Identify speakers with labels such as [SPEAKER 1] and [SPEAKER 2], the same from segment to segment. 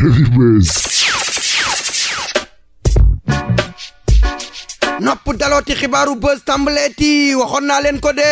[SPEAKER 1] Heavyweights. nopp dalooti xibaaru buzz tàmbaleeti waxoon naa leen ko de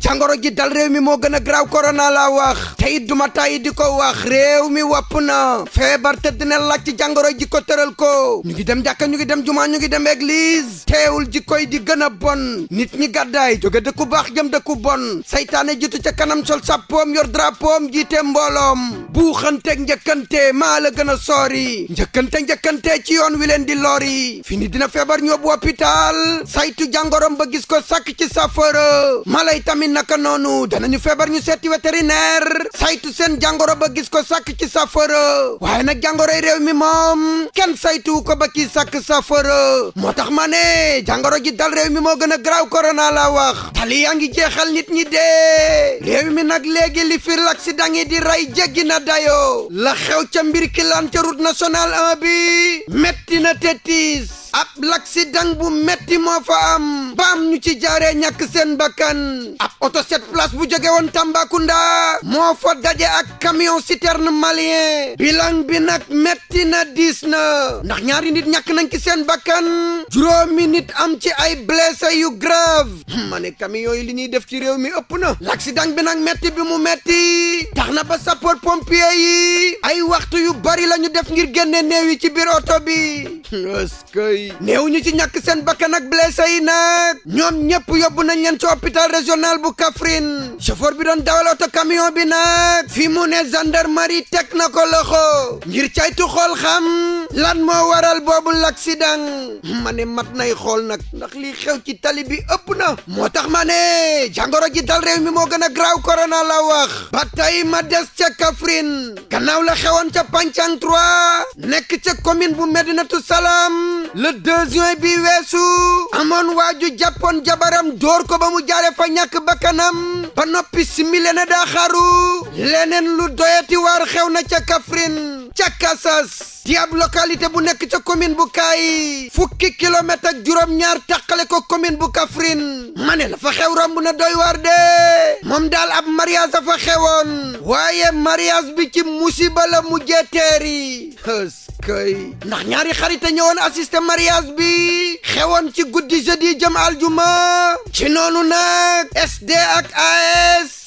[SPEAKER 1] jàngoro ji dal réew mi moo gën a graaw korona laa wax te it duma tàyyi di ko wax réew mi wapp na feebar tëdd na laaj ci jàngoro ji ko tëral ko ñu ngi dem jàkka ñu ngi dem jumaa ñu ngi dem église teewul ji yi di gën a bon nit ñi gàddaay jóge dëkku baax jëm dëkku bon seytaane jitu ca kanam sol sàppoom yor drapoom jiite mbooloom buuxanteeg njëkkante maa la gën a soori njëkkante njëkkante ci yoon wi leen di lori dina feebar ñu hôpital saytu jàngorom ba gis ko sakk ci safara mala yi tamit naka noonu danañu feebar ñu seeti vétérinaire saytu seen jàngoro ba gis ko sakk ci safara waaye nag jàngoroy réew mi moom kenn saytu ko ba ci sàkk safara moo tax ma ne jàngoro ji dal réew mi moo gën a graaw la wax tali yaa ngi jeexal nit ñi de réew mi nag léegi li fi l'accident yi di rey jéggi na dayo la xew ca mbir kilante route nationale 1 bi metti na te ab l'accident bu metti moo fa am baam ñu ci jaaree ñàkk seen bakkan ab oto sept place bu jóge woon Tambacounda moo fa daje ak camion citerne malien bilan bi nag metti na diis na ndax ñaari nit ñàkk nañ ki seen bakkan juróomi nit am ci ay blessé yu grave hmm, ma ne camion yi li ñuy def ci réew mi ëpp na l'accident bi nag metti bi mu metti tax na ba sapeur pompier yi ay waxtu yu bari la ñu def ngir génne néew yi ci biir oto bi hmm, yi néew ñu ci ñàkk seen bakkan ak blessé yi nag ñoom ñëpp yóbbu nañ leen ci hôpital régional bu Kaffrine chauffeur bi doon dawal oto camion bi nag fi mu ne gendarmerie teg na ko loxo ngir caytu xool xam lan moo waral boobu l'accident ma ne mat xool nag ndax lii xew ci tali bi ëpp na moo tax mane ne jàngoro ji dal réew mi moo gën a graaw korona la wax ba tey ma des ca Kaffrine gannaaw la xewoon ca Pancang 3 nekk ca commune bu Medinatu Salaam le 2 bi weesu amoon waaju jàppoon jabaram dóor ko ba mu jaare fa ñàkk bakkanam ba noppi simile na daa leneen lu doyati waar xew na ca Kaffrine ca Kasas di ab localité bu nekk ca commune bu kaay fukki kilomètre ak juróom-ñaar tàqale ko commune bu Kaffrine ma ne la fa xew romb na doy waar de moom daal ab mariage fa xewoon waaye mariage bi ci musiba mu jeeteeri kay ndax ñaari xarita ñëwoon assisté mariage bi xewoon ci guddi jeudi jëm aljuma ci noonu nag SD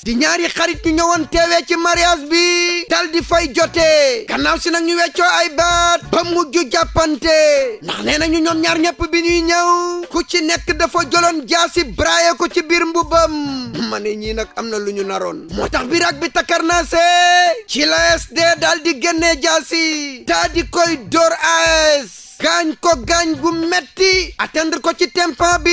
[SPEAKER 1] di ñaari xarit ñu ñëwoon teewee ci mariage bi dal di fay jotee gannaaw si nag ñu weccoo ay baat ba mujj jàppante ndax nee nañu ñoom ñaar ñëpp bi ñuy ñëw ku ci nekk dafa joloon jaasi braaye ko ci biir mbubam ma ne ñii nag am na lu ñu naroon moo tax biraag bi takkar naa see ci la SD dal di jaasi daa di koy dóor as gaañ ko gaañ gu metti atteindre ko ci tempan bi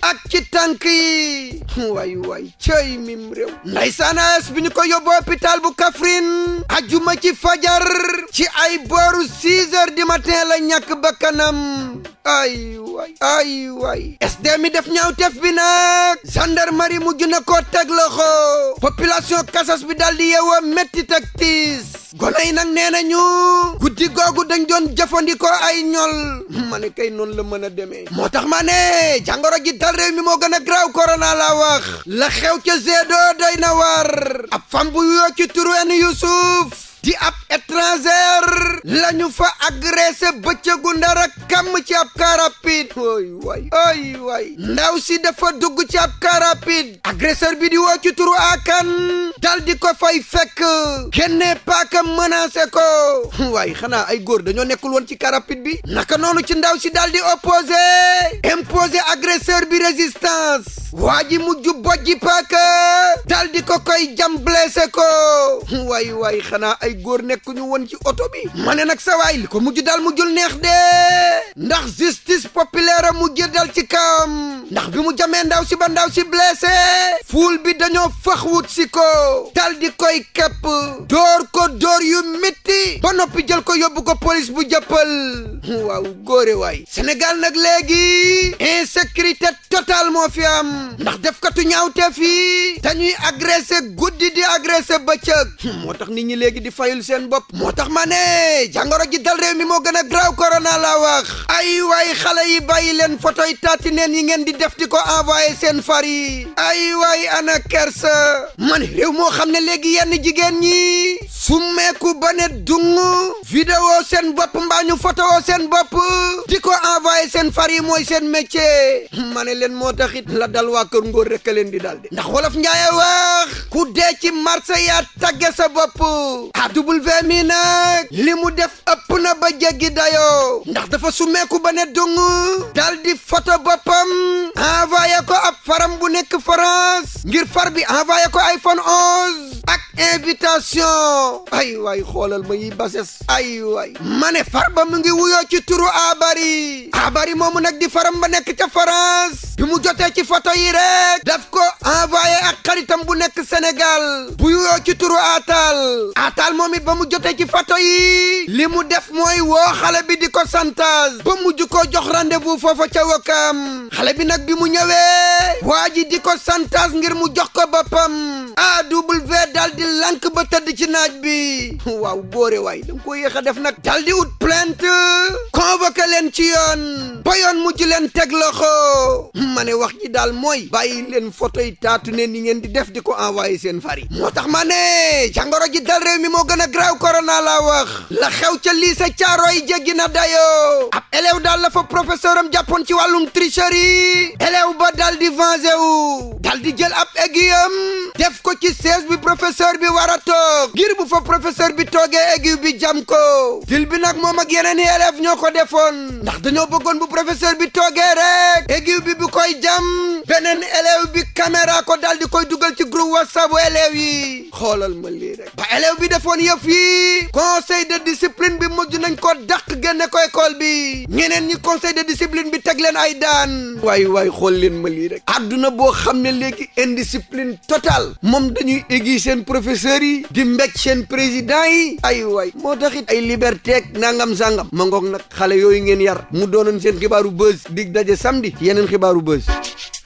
[SPEAKER 1] ak ci tànk yi waay waay cëy mim réew ndeysaan AS bi ñu ko yóbbu hôpital bu Kaffrine juma ci fajar ci ay booru 6 heures du la ñàkk bakkanam ay way ay way sd mi def ñaaw tef bi nag gendarmerie mujj na koo teg loxo population kasas bi daal di yeewoo métti teg tiis gone yi nag nee nañu guddi googu dañ doon jëfandikoo ay ñol ma kay noonu la mën a deme moo tax ma ne jàngoro ji dal réew mi moo gën a graaw corona la wax la xew ca Zedo na war ab fam bu yoo ci turu di ab étranger lañu fa agressé bëccëgu ndara kàmm ci ab karab rapide ooy way ooy way ndaw si dafa dugg ci ab car rapide agresseur bi di woo ci turu akan dal di ko fay fekk génnee paaka menacé ko waaye xanaa ay góor dañoo nekkul woon ci car rapide bi naka noonu ci ndaw si dal di opposé imposé agresseur bi résistance waa ji mujj bojji paaka dal di ko koy jam blessé ko waay waay xanaa ay góor nekkuñu woon ci oto bi ma ne li ko mujj daal mujjul neex de ndax justice populaire mu girdal ci kawam ndax bi mu jamee ndaw si ba ndaw si blessé fuul bi dañoo fax wut si ko dal di koy képp door ko door yu mit noppi jël ko yóbbu ko police bu jëppal waaw góore waay Sénégal nag léegi insécurité totale moo fi am ndax defkatu ñaawteef yi dañuy agressé guddi di agressé bëccëg hm, moo tax nit ñi léegi di fayul seen bopp moo tax ma ne jàngoro ji dal réew mi moo gën a graw corona laa wax ay waay xale yi bàyyi leen photo yi taati neen yi ngeen di def di ko envoyé seen far yi ay waay ana kersa ma ne réew moo xam ne léegi yenn jigéen ñi summeeku ba ne dung vidéo seen bopp mbaa ñu photo seen bopp di ko envoyé seen far yi mooy seen métier ma leen moo taxit la dal waa kër ngoor rek leen di dal de ndax wolof njaaye wax ku dee ci marché yaa tagge sa bopp AW mi nag li mu def ëpp na ba jéggi dayoo ndax dafa summeeku ba ne dung dal di photo boppam envoyé ko ab faram bu nekk France ngir far bi envoyé ko iPhone 11 ak invitation ay waay xoolal ma yi bases ay waay ma ne far ba mu ngi wuyoo ci turu abari abari mu nag di faram ba nekk ca France mu jotee ci photo yi rek daf ko envoyé ak xaritam bu nekk senegal bu yoo ci turu Atal Atal moom it ba mu jotee ci photo yi li mu def mooy woo xale bi di ko santage ba mujj koo jox rendez foofa ca Wakaam xale bi nag bi mu ñëwee waa ji di ko santage ngir mu jox ko boppam AW dal di lank ba tëdd ci naaj bi waaw góore way da ko yéex a def nag dal ut plainte convoqué leen ci yoon ba mujj leen teg loxo ma ne wax ji daal mooy bàyyi leen photo yi taatu ne ni ngeen di def di ko envoyé seen far yi moo tax ma ne jàngoro ji dal réew mi moo gën a graaw corona laa wax la xew ca lii sa caaro yi jéggi na dayoo ab élève daal la fa professeur am jàppoon ci wàllum tricherie élève ba dal di vengé wu dal di jël ab aiguillem def ko ci siège bi professeur bi war a toog ngir bu fo professeur bi tooge aiguille bi jam ko dil bi nag moom ak yeneen i élève ñoo ko defoon ndax dañoo bëggoon bu professeur bi toogee Abdoulaye Jam beneen élève bi caméra ko daal di koy dugal ci groupe whatsapp bu élèves yi xoolal ma lii rek ba élève bi defoon yëf yi conseil de discipline bi mujj nañ ko dàq génne ko école bi ñeneen ñi conseil de discipline bi teg leen ay daan waay waay xool leen ma lii rek àdduna boo xam ne léegi indiscipline total moom dañuy égi seen professeurs yi di mbéj seen président yi ay way moo taxit ay liberté ak nangam sangam ma ngoog nag xale yooyu ngeen yar mu doonoon seen xibaaru buzz yeneen xibaaru buzz Peace.